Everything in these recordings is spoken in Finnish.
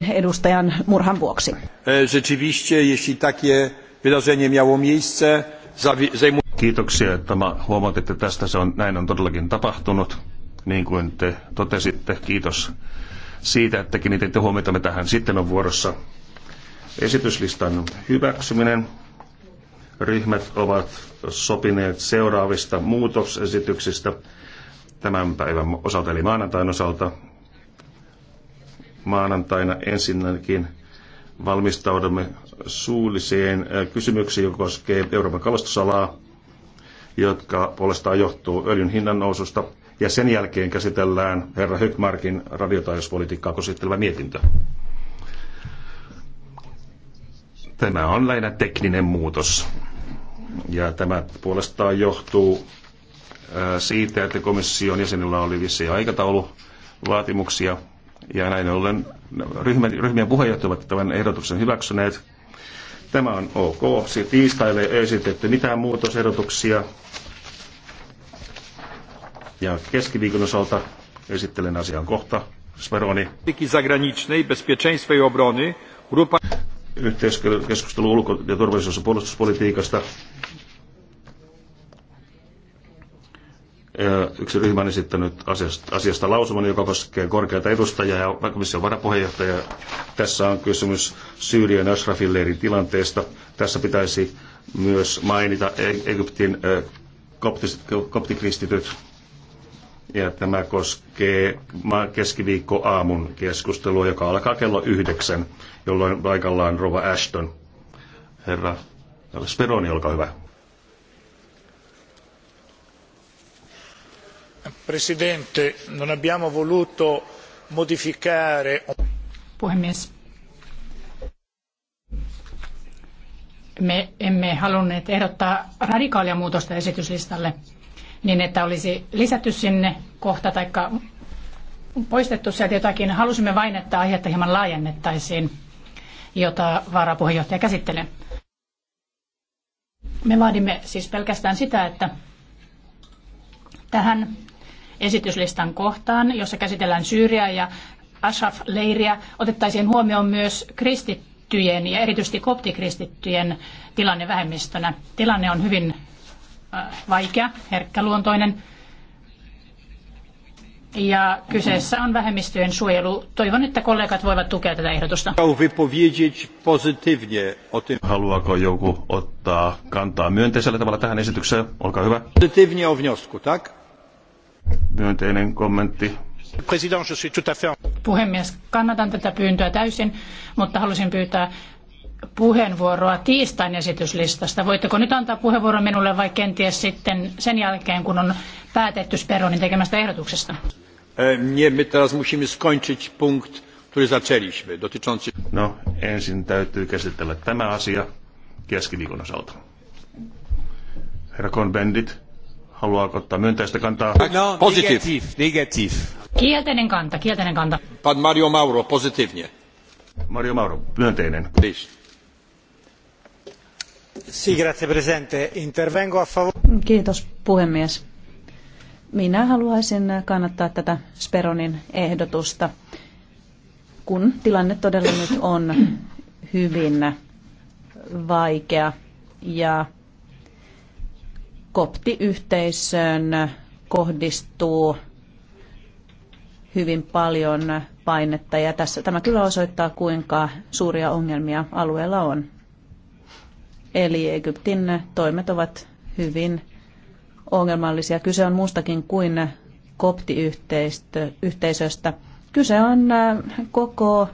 edustajan murhan vuoksi. E, rzeczywiście, jeśli takie wydarzenie miało miejsce, Kiitoksia, että huomautitte tästä. Se on, näin on todellakin tapahtunut, niin kuin te totesitte. Kiitos siitä, että kiinnititte huomiota tähän. Sitten on vuorossa esityslistan hyväksyminen. Ryhmät ovat sopineet seuraavista muutosesityksistä tämän päivän osalta, eli maanantain osalta maanantaina ensinnäkin valmistaudumme suulliseen äh, kysymyksiin, joka koskee Euroopan kalastusalaa, jotka puolestaan johtuu öljyn hinnan noususta. Ja sen jälkeen käsitellään herra Höckmarkin radiotaajuuspolitiikkaa koskettava mietintö. Tämä on lähinnä tekninen muutos. Ja tämä puolestaan johtuu äh, siitä, että komission jäsenillä oli vissiin aikataulu vaatimuksia ja näin ollen ryhmän, ryhmien puheenjohtajat ovat tämän ehdotuksen hyväksyneet. Tämä on ok. Siitä tiistaille ei esitetty mitään muutosehdotuksia. Ja keskiviikon osalta esittelen asian kohta. Sveroni. zagranicznej, bezpieczeństwa i obrony. Grupa... Yhteiskeskustelu ulko- ja turvallisuus- ja puolustuspolitiikasta Yksi ryhmä on esittänyt asiasta, asiasta lausuman, joka koskee korkeata edustajaa ja komission varapuheenjohtajaa. Tässä on kysymys Syyrian Ashrafin leirin tilanteesta. Tässä pitäisi myös mainita e- Egyptin koptikristityt. Ja tämä koskee keskiviikkoaamun keskustelua, joka alkaa kello yhdeksän, jolloin paikallaan Rova Ashton. Herra Speroni, olkaa hyvä. Presidente, non abbiamo voluto modificare... Puhemies. Me emme halunneet ehdottaa radikaalia muutosta esityslistalle niin, että olisi lisätty sinne kohta tai poistettu sieltä jotakin. Halusimme vain, että aihetta hieman laajennettaisiin, jota varapuheenjohtaja käsittelee. Me vaadimme siis pelkästään sitä, että tähän esityslistan kohtaan, jossa käsitellään Syyriaa ja Ashraf-leiriä, otettaisiin huomioon myös kristittyjen ja erityisesti koptikristittyjen tilanne vähemmistönä. Tilanne on hyvin vaikea, herkkäluontoinen ja kyseessä on vähemmistöjen suojelu. Toivon, että kollegat voivat tukea tätä ehdotusta. Haluaako joku ottaa kantaa myönteisellä tavalla tähän esitykseen? Olkaa hyvä. Pozytywnie o wniosku, tak? Myönteinen kommentti. Puhemies, kannatan tätä pyyntöä täysin, mutta halusin pyytää puheenvuoroa tiistain esityslistasta. Voitteko nyt antaa puheenvuoron minulle vai kenties sitten sen jälkeen, kun on päätetty Speronin tekemästä ehdotuksesta? E, nie, my teraz musimy skończyć punkt, który zaczęliśmy, dotyczący... No, ensin täytyy käsitellä tämä asia keskiviikon osalta. Herra Bendit. Haluaako ottaa myönteistä kantaa? No, no positiv. Negativ. Kielteinen kanta, kielteinen kanta. Pan Mario Mauro, positiivinen. Mario Mauro, myönteinen. Please. Kiitos puhemies. Minä haluaisin kannattaa tätä Speronin ehdotusta, kun tilanne todella nyt on hyvin vaikea ja koptiyhteisöön kohdistuu hyvin paljon painetta ja tässä, tämä kyllä osoittaa, kuinka suuria ongelmia alueella on. Eli Egyptin toimet ovat hyvin ongelmallisia. Kyse on muustakin kuin koptiyhteisöstä. Kyse on äh, koko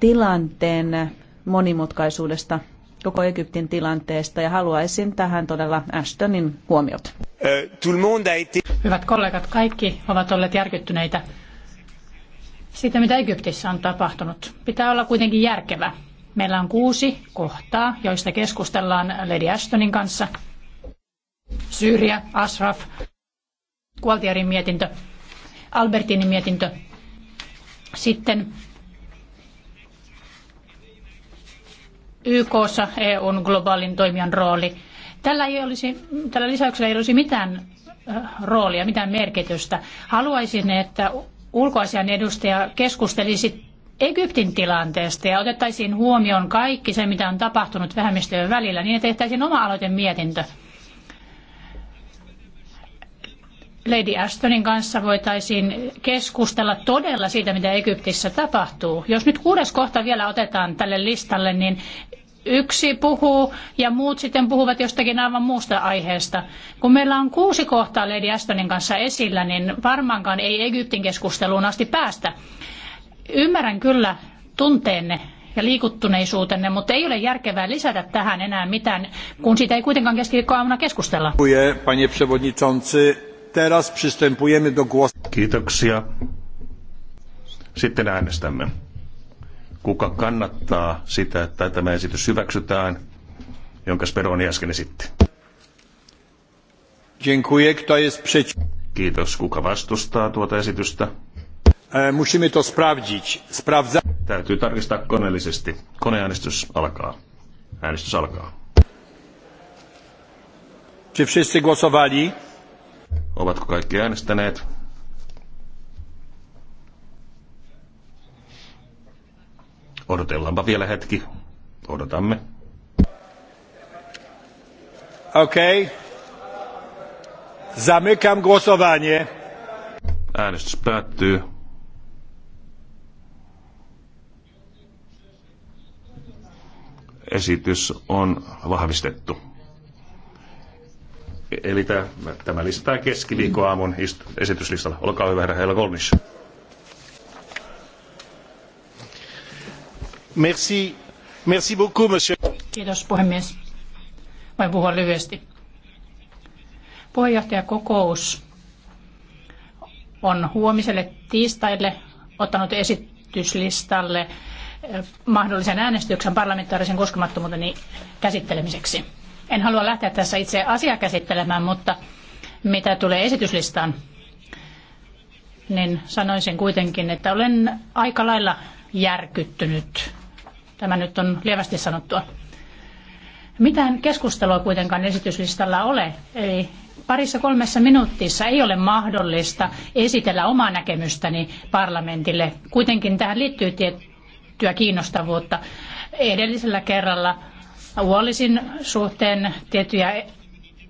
tilanteen monimutkaisuudesta koko Egyptin tilanteesta ja haluaisin tähän todella Ashtonin huomiot. Eh, Hyvät kollegat, kaikki ovat olleet järkyttyneitä siitä, mitä Egyptissä on tapahtunut. Pitää olla kuitenkin järkevä. Meillä on kuusi kohtaa, joista keskustellaan Lady Ashtonin kanssa. Syyria, Ashraf, Gualtierin mietintö, Albertinin mietintö, sitten YKssa EUn globaalin toimijan rooli. Tällä, ei olisi, tällä lisäyksellä ei olisi mitään äh, roolia, mitään merkitystä. Haluaisin, että ulkoasian edustaja keskustelisi Egyptin tilanteesta ja otettaisiin huomioon kaikki se, mitä on tapahtunut vähemmistöjen välillä, niin että tehtäisiin oma aloitemietintö. mietintö Lady Ashtonin kanssa voitaisiin keskustella todella siitä, mitä Egyptissä tapahtuu. Jos nyt kuudes kohta vielä otetaan tälle listalle, niin yksi puhuu ja muut sitten puhuvat jostakin aivan muusta aiheesta. Kun meillä on kuusi kohtaa Lady Ashtonin kanssa esillä, niin varmaankaan ei Egyptin keskusteluun asti päästä. Ymmärrän kyllä tunteenne ja liikuttuneisuutenne, mutta ei ole järkevää lisätä tähän enää mitään, kun siitä ei kuitenkaan keskiviikkoaamuna keskustella. Panie przewodniczący, Teraz przystępujemy do Kiitoksia. Sitten äänestämme. Kuka kannattaa sitä, että tämä esitys hyväksytään, jonka Speroni äsken esitti? Dziękuję. Kto jest przeciw? Kiitos. Kuka vastustaa tuota esitystä? E, musimy to sprawdzić. Sprawdza... Täytyy tarkistaa koneellisesti. Koneäänestys alkaa. Äänestys alkaa. Czy wszyscy głosowali? Ovatko kaikki äänestäneet? Odotellaanpa vielä hetki. Odotamme. Okei. Okay. Zamykam głosowanie. Äänestys päättyy. Esitys on vahvistettu. Eli tämä lisätään aamun esityslistalla. Olkaa hyvä, herra Heila Kolmissa. Merci. Merci beaucoup, monsieur. Kiitos puhemies. Voin puhua lyhyesti. Puheenjohtajakokous on huomiselle tiistaille ottanut esityslistalle mahdollisen äänestyksen parlamentaarisen koskemattomuuden käsittelemiseksi. En halua lähteä tässä itse asiaa käsittelemään, mutta mitä tulee esityslistaan, niin sanoisin kuitenkin, että olen aika lailla järkyttynyt. Tämä nyt on lievästi sanottua. Mitään keskustelua kuitenkaan esityslistalla ole, eli parissa kolmessa minuutissa ei ole mahdollista esitellä omaa näkemystäni parlamentille. Kuitenkin tähän liittyy tiettyä kiinnostavuutta. Edellisellä kerralla Wallisin suhteen tiettyjä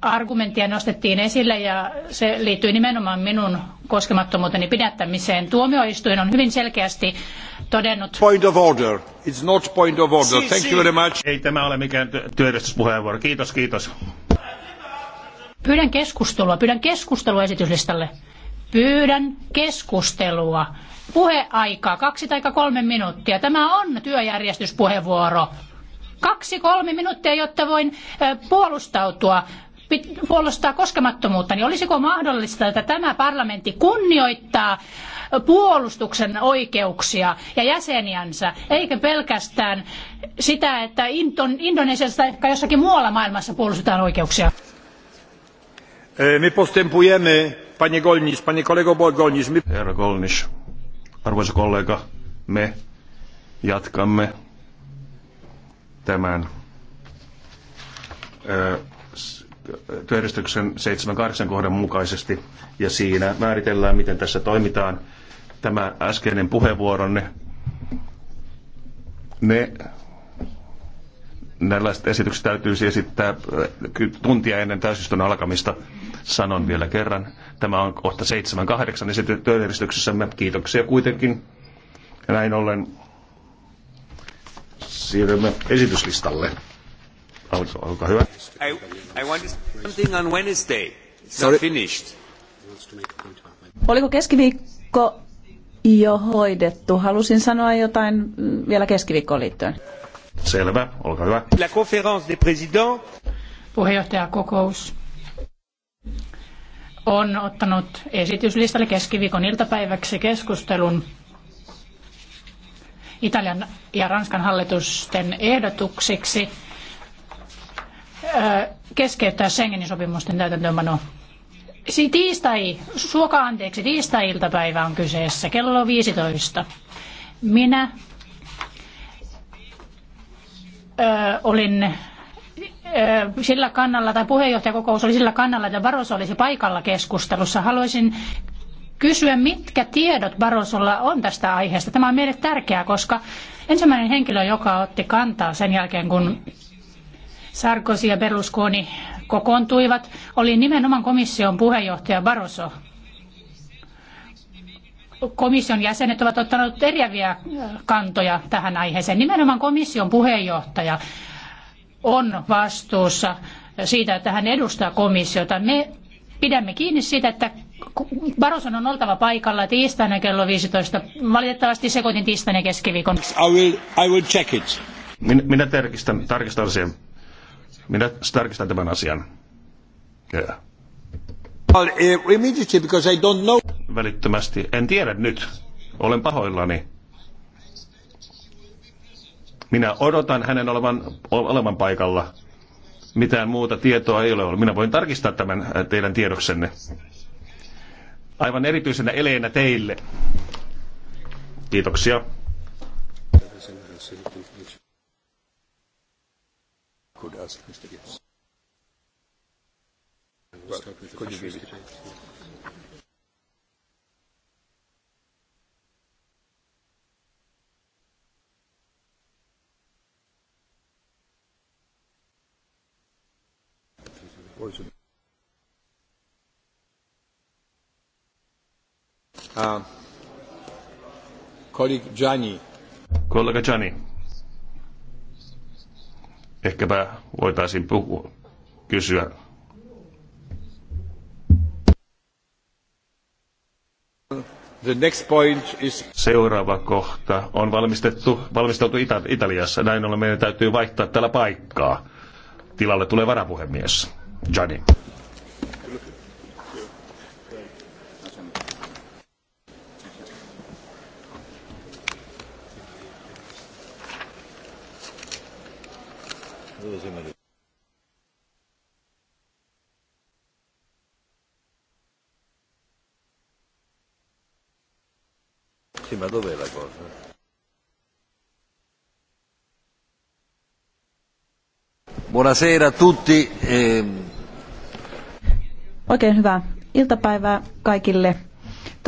argumentteja nostettiin esille ja se liittyy nimenomaan minun koskemattomuuteni pidättämiseen. Tuomioistuin on hyvin selkeästi todennut... Point of order. It's not point of order. Si, Thank si. you very much. Ei tämä ole mikään työjärjestyspuheenvuoro. Kiitos, kiitos. Pyydän keskustelua. Pyydän keskustelua esityslistalle. Pyydän keskustelua. Puheaikaa kaksi tai kolme minuuttia. Tämä on työjärjestyspuheenvuoro kaksi kolme minuuttia, jotta voin puolustautua puolustaa koskemattomuutta, niin olisiko mahdollista, että tämä parlamentti kunnioittaa puolustuksen oikeuksia ja jäseniänsä, eikä pelkästään sitä, että tai ehkä jossakin muualla maailmassa puolustetaan oikeuksia? E, me postępujemy, panie Golnisz, panie kolego Herra arvoisa kollega, me jatkamme tämän työjärjestyksen 7.8 kohdan mukaisesti ja siinä määritellään, miten tässä toimitaan. Tämä äskeinen puheenvuoronne, ne nällaiset esitykset täytyisi siis esittää tuntia ennen täysistön alkamista. Sanon vielä kerran. Tämä on kohta 7.8 esitetty työjärjestyksessämme. Kiitoksia kuitenkin. Ja näin ollen siirrymme esityslistalle. Olkaa hyvä. I, I something on Wednesday. It's Sorry. finished. Oliko keskiviikko jo hoidettu? Halusin sanoa jotain vielä keskiviikkoon liittyen. Selvä, olkaa hyvä. La conférence des présidents. Puheenjohtajakokous on ottanut esityslistalle keskiviikon iltapäiväksi keskustelun Italian ja Ranskan hallitusten ehdotuksiksi keskeyttää Schengenin sopimusten täytäntöönpano. Tiistai, suokaa anteeksi, tiistai-iltapäivä on kyseessä, kello 15. Minä ö, olin sillä kannalla, tai puheenjohtajakokous oli sillä kannalla, että Barroso olisi paikalla keskustelussa. Haluaisin kysyä, mitkä tiedot Barosolla on tästä aiheesta. Tämä on meille tärkeää, koska ensimmäinen henkilö, joka otti kantaa sen jälkeen, kun Sarkozy ja Berlusconi kokoontuivat, oli nimenomaan komission puheenjohtaja Barroso. Komission jäsenet ovat ottaneet eriäviä kantoja tähän aiheeseen. Nimenomaan komission puheenjohtaja on vastuussa siitä, että hän edustaa komissiota. Me pidämme kiinni siitä, että Baroson on oltava paikalla tiistaina kello 15. Valitettavasti sekoitin tiistaina keskiviikon. I will, I will check it. Minä, minä tarkistan, tarkistan Minä tarkistan tämän asian. Yeah. Well, eh, because I don't know. Välittömästi. En tiedä nyt. Olen pahoillani. Minä odotan hänen olevan, olevan paikalla mitään muuta tietoa ei ole ollut. Minä voin tarkistaa tämän eh, teidän tiedoksenne aivan erityisenä eleenä teille. Kiitoksia. Could ask Mr. Well, could you Kollega Gianni. Ehkäpä voitaisiin puhua, kysyä Is... Seuraava kohta on valmistettu, valmisteltu Ita- Italiassa. Näin ollen meidän täytyy vaihtaa täällä paikkaa. Tilalle tulee varapuhemies. Gianni. tema de Sì, ma dov'è la cosa? Buonasera a tutti. Eh... Oikein hyvää iltapäivää kaikille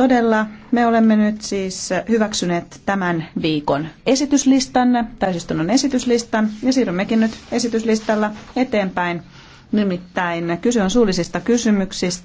todella me olemme nyt siis hyväksyneet tämän viikon esityslistan, täysistunnon esityslistan, ja siirrymmekin nyt esityslistalla eteenpäin. Nimittäin kyse on suullisista kysymyksistä.